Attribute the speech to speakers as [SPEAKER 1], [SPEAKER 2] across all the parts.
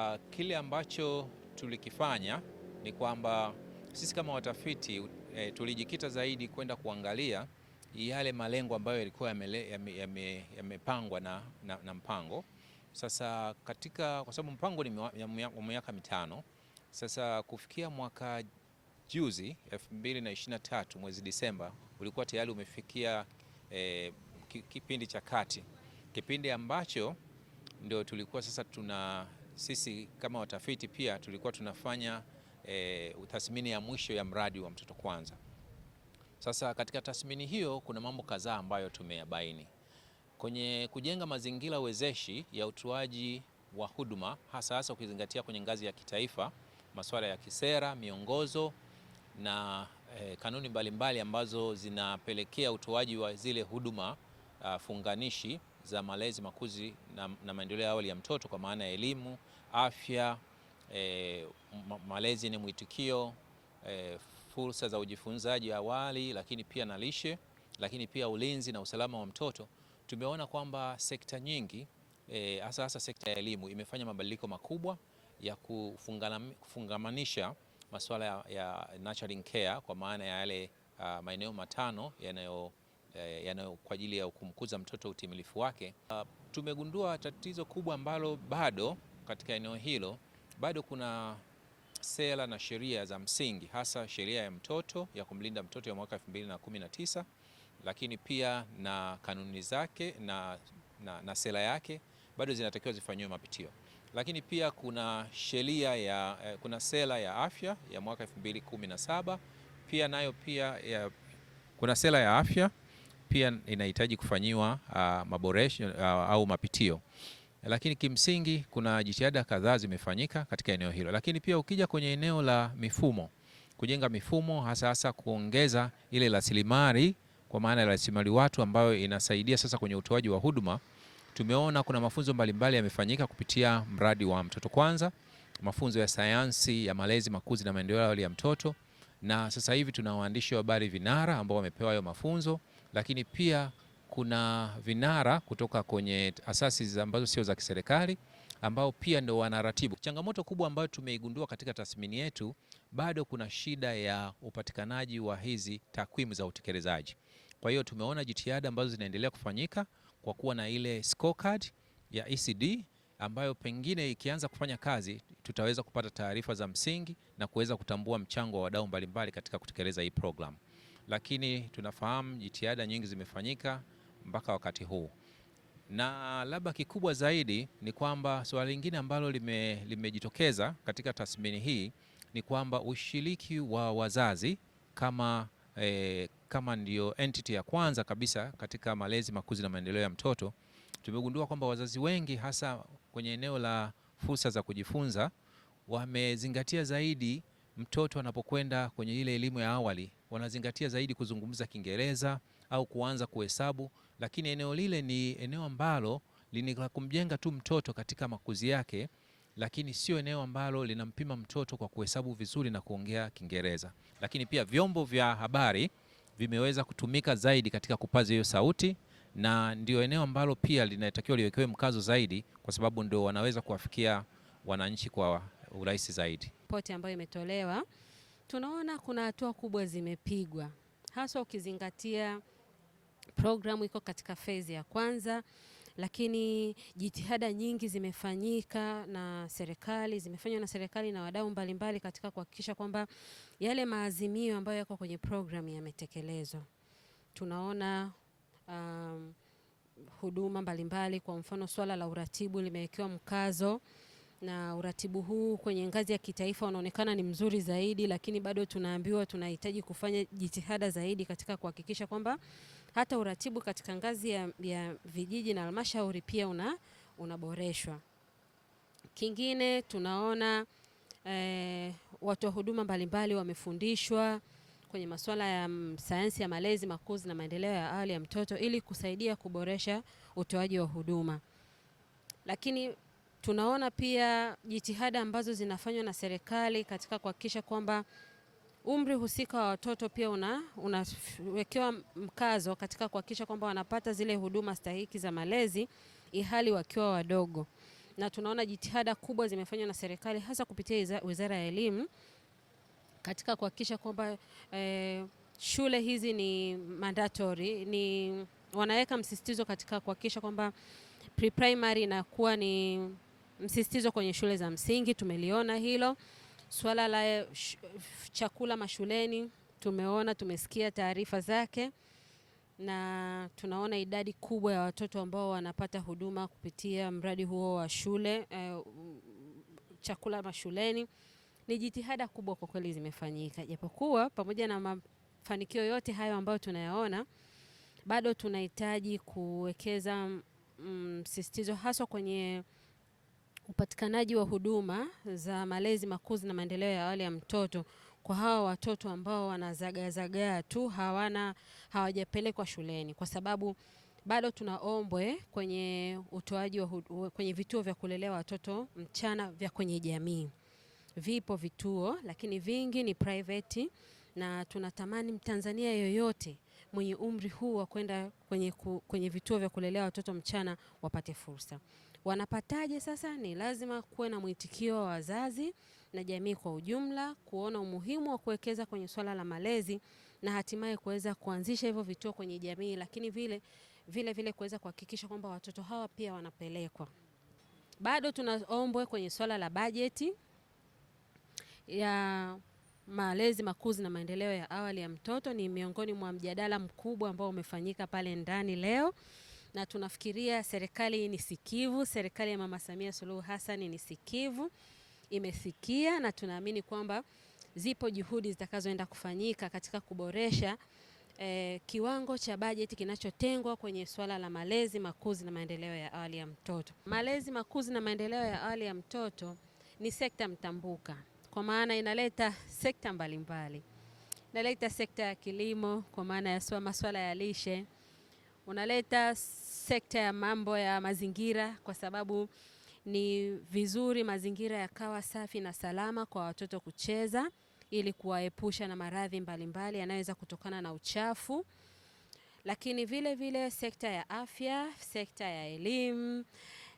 [SPEAKER 1] Ah, kile ambacho tulikifanya ni kwamba sisi kama watafiti e, tulijikita zaidi kwenda kuangalia yale malengo ambayo yalikuwa yamepangwa na, na, na mpango. Sasa katika kwa sababu mpango ni wa miaka mitano, sasa kufikia mwaka juzi 2023 mwezi Disemba ulikuwa tayari umefikia e, kipindi cha kati, kipindi ambacho ndio tulikuwa sasa tuna sisi kama watafiti pia tulikuwa tunafanya e, eh, tathmini ya mwisho ya mradi wa Mtoto Kwanza. Sasa katika tathmini hiyo kuna mambo kadhaa ambayo tumeyabaini kwenye kujenga mazingira wezeshi ya utoaji wa huduma, hasa hasa ukizingatia kwenye ngazi ya kitaifa, masuala ya kisera, miongozo na e, kanuni mbalimbali mbali ambazo zinapelekea utoaji wa zile huduma a, ah, funganishi za malezi, makuzi na, na maendeleo ya awali ya mtoto kwa maana ya elimu, afya, e, malezi ni mwitikio, e, fursa za ujifunzaji awali, lakini pia na lishe, lakini pia ulinzi na usalama wa mtoto, tumeona kwamba sekta nyingi eh, hasa e, hasa sekta ya elimu imefanya mabadiliko makubwa ya kufungamanisha masuala ya, ya nurturing care kwa maana ya yale uh, maeneo matano yanayo Eh, yanayo kwa ajili ya kumkuza mtoto utimilifu wake. Ah, tumegundua tatizo kubwa ambalo bado katika eneo hilo bado kuna sera na sheria za msingi, hasa sheria ya mtoto ya kumlinda mtoto ya mwaka 2019 lakini pia na kanuni zake na, na, na sera yake bado zinatakiwa zifanyiwe mapitio, lakini pia kuna sheria ya eh, kuna sera ya afya ya mwaka 2017 pia nayo pia ya, kuna sera ya afya pia inahitaji kufanyiwa uh, maboresho uh, au mapitio, lakini kimsingi kuna jitihada kadhaa zimefanyika katika eneo hilo. Lakini pia ukija kwenye eneo la mifumo, kujenga mifumo hasa hasa kuongeza ile rasilimali kwa maana ya rasilimali watu ambayo inasaidia sasa kwenye utoaji wa huduma. Tumeona kuna mafunzo mbalimbali yamefanyika kupitia mradi wa Mtoto Kwanza, mafunzo ya sayansi ya malezi, makuzi na maendeleo ya mtoto, na sasa hivi tuna waandishi wa habari vinara ambao wamepewa hayo mafunzo lakini pia kuna vinara kutoka kwenye asasi ambazo sio za kiserikali ambao pia ndio wanaratibu. Changamoto kubwa ambayo tumeigundua katika tathmini yetu, bado kuna shida ya upatikanaji wa hizi takwimu za utekelezaji. Kwa hiyo tumeona jitihada ambazo zinaendelea kufanyika kwa kuwa na ile scorecard ya ECD ambayo pengine ikianza kufanya kazi tutaweza kupata taarifa za msingi na kuweza kutambua mchango wa wadau mbalimbali katika kutekeleza hii programu lakini tunafahamu jitihada nyingi zimefanyika mpaka wakati huu, na labda kikubwa zaidi ni kwamba suala lingine ambalo lime, limejitokeza katika tathmini hii ni kwamba ushiriki wa wazazi kama, E, kama ndio entity ya kwanza kabisa katika malezi, makuzi na maendeleo ya mtoto, tumegundua kwamba wazazi wengi hasa kwenye eneo la fursa za kujifunza wamezingatia zaidi mtoto anapokwenda kwenye ile elimu ya awali wanazingatia zaidi kuzungumza Kiingereza au kuanza kuhesabu, lakini eneo lile ni eneo ambalo ni la kumjenga tu mtoto katika makuzi yake, lakini sio eneo ambalo linampima mtoto kwa kuhesabu vizuri na kuongea Kiingereza. Lakini pia vyombo vya habari vimeweza kutumika zaidi katika kupaza hiyo sauti, na ndio eneo ambalo pia linatakiwa liwekewe mkazo zaidi, kwa sababu ndio wanaweza kuwafikia wananchi kwa urahisi zaidi.
[SPEAKER 2] Ripoti ambayo imetolewa, tunaona kuna hatua kubwa zimepigwa, haswa ukizingatia programu iko katika fezi ya kwanza, lakini jitihada nyingi zimefanyika na serikali zimefanywa na serikali na wadau mbalimbali katika kuhakikisha kwamba yale maazimio ambayo yako kwenye programu yametekelezwa. Tunaona um, huduma mbalimbali kwa mfano swala la uratibu limewekewa mkazo na uratibu huu kwenye ngazi ya kitaifa unaonekana ni mzuri zaidi, lakini bado tunaambiwa tunahitaji kufanya jitihada zaidi katika kuhakikisha kwamba hata uratibu katika ngazi ya, ya vijiji na halmashauri pia una unaboreshwa. Kingine tunaona eh, watoa huduma mbalimbali wamefundishwa kwenye masuala ya sayansi ya malezi, makuzi na maendeleo ya awali ya mtoto ili kusaidia kuboresha utoaji wa huduma, lakini Tunaona pia jitihada ambazo zinafanywa na serikali katika kuhakikisha kwamba umri husika wa watoto pia unawekewa mkazo katika kuhakikisha kwamba wanapata zile huduma stahiki za malezi ihali wakiwa wadogo, na tunaona jitihada kubwa zimefanywa na serikali hasa kupitia Wizara ya Elimu katika kuhakikisha kwamba eh, shule hizi ni mandatory, ni wanaweka msisitizo katika kuhakikisha kwamba pre-primary inakuwa ni Msisitizo kwenye shule za msingi tumeliona hilo. Swala la chakula mashuleni tumeona, tumesikia taarifa zake na tunaona idadi kubwa ya watoto ambao wanapata huduma kupitia mradi huo wa shule eh, chakula mashuleni. Ni jitihada kubwa kwa kweli zimefanyika, japokuwa pamoja na mafanikio yote hayo ambayo tunayaona, bado tunahitaji kuwekeza mm, msisitizo mm, haswa kwenye upatikanaji wa huduma za malezi, makuzi na maendeleo ya awali ya mtoto kwa hawa watoto ambao wanazagaazagaa tu hawana hawajapelekwa shuleni, kwa sababu bado tuna ombwe kwenye utoaji wa hudu, kwenye vituo vya kulelea watoto mchana vya kwenye jamii. Vipo vituo lakini vingi ni private, na tunatamani Mtanzania yoyote mwenye umri huu wa kwenda kwenye, kwenye vituo vya kulelea watoto mchana wapate fursa. Wanapataje sasa? Ni lazima kuwe na mwitikio wa wazazi na jamii kwa ujumla kuona umuhimu wa kuwekeza kwenye swala la malezi na hatimaye kuweza kuanzisha hivyo vituo kwenye jamii, lakini vile vile, vile kuweza kuhakikisha kwamba watoto hawa pia wanapelekwa. Bado tuna ombwe kwenye swala la bajeti ya malezi makuzi na maendeleo ya awali ya mtoto. Ni miongoni mwa mjadala mkubwa ambao umefanyika pale ndani leo na tunafikiria serikali ni sikivu. Serikali ya Mama Samia Suluhu Hassan ni sikivu, imesikia na tunaamini kwamba zipo juhudi zitakazoenda kufanyika katika kuboresha eh, kiwango cha bajeti kinachotengwa kwenye swala la malezi, makuzi na maendeleo ya awali ya mtoto. Malezi, makuzi na maendeleo ya awali ya mtoto ni sekta mtambuka, kwa maana inaleta sekta mbalimbali mbali. Inaleta sekta ya kilimo kwa maana ya masuala ya lishe unaleta sekta ya mambo ya mazingira, kwa sababu ni vizuri mazingira yakawa safi na salama kwa watoto kucheza ili kuwaepusha na maradhi mbalimbali yanayoweza kutokana na uchafu. Lakini vile vile sekta ya afya, sekta ya elimu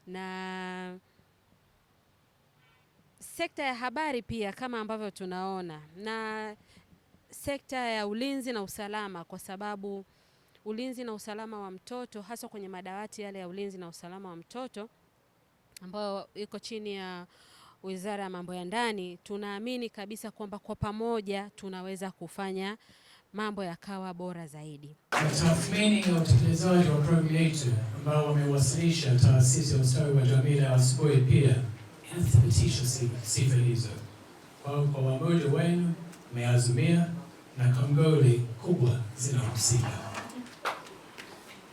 [SPEAKER 2] na sekta ya habari pia kama ambavyo tunaona na sekta ya ulinzi na usalama kwa sababu ulinzi na usalama wa mtoto, hasa kwenye madawati yale ya ulinzi na usalama wa mtoto ambayo iko chini ya Wizara ya Mambo ya Ndani, tunaamini kabisa kwamba kwa pamoja tunaweza kufanya mambo yakawa bora zaidi.
[SPEAKER 3] Tathmini ya utekelezaji wa programu yetu ambao wamewasilisha Taasisi ya Ustawi wa Jamii leo asubuhi pia inathibitisha sifa hizo. Kwa kwa wamoja wenu umeazimia na kwa kubwa zinahusika.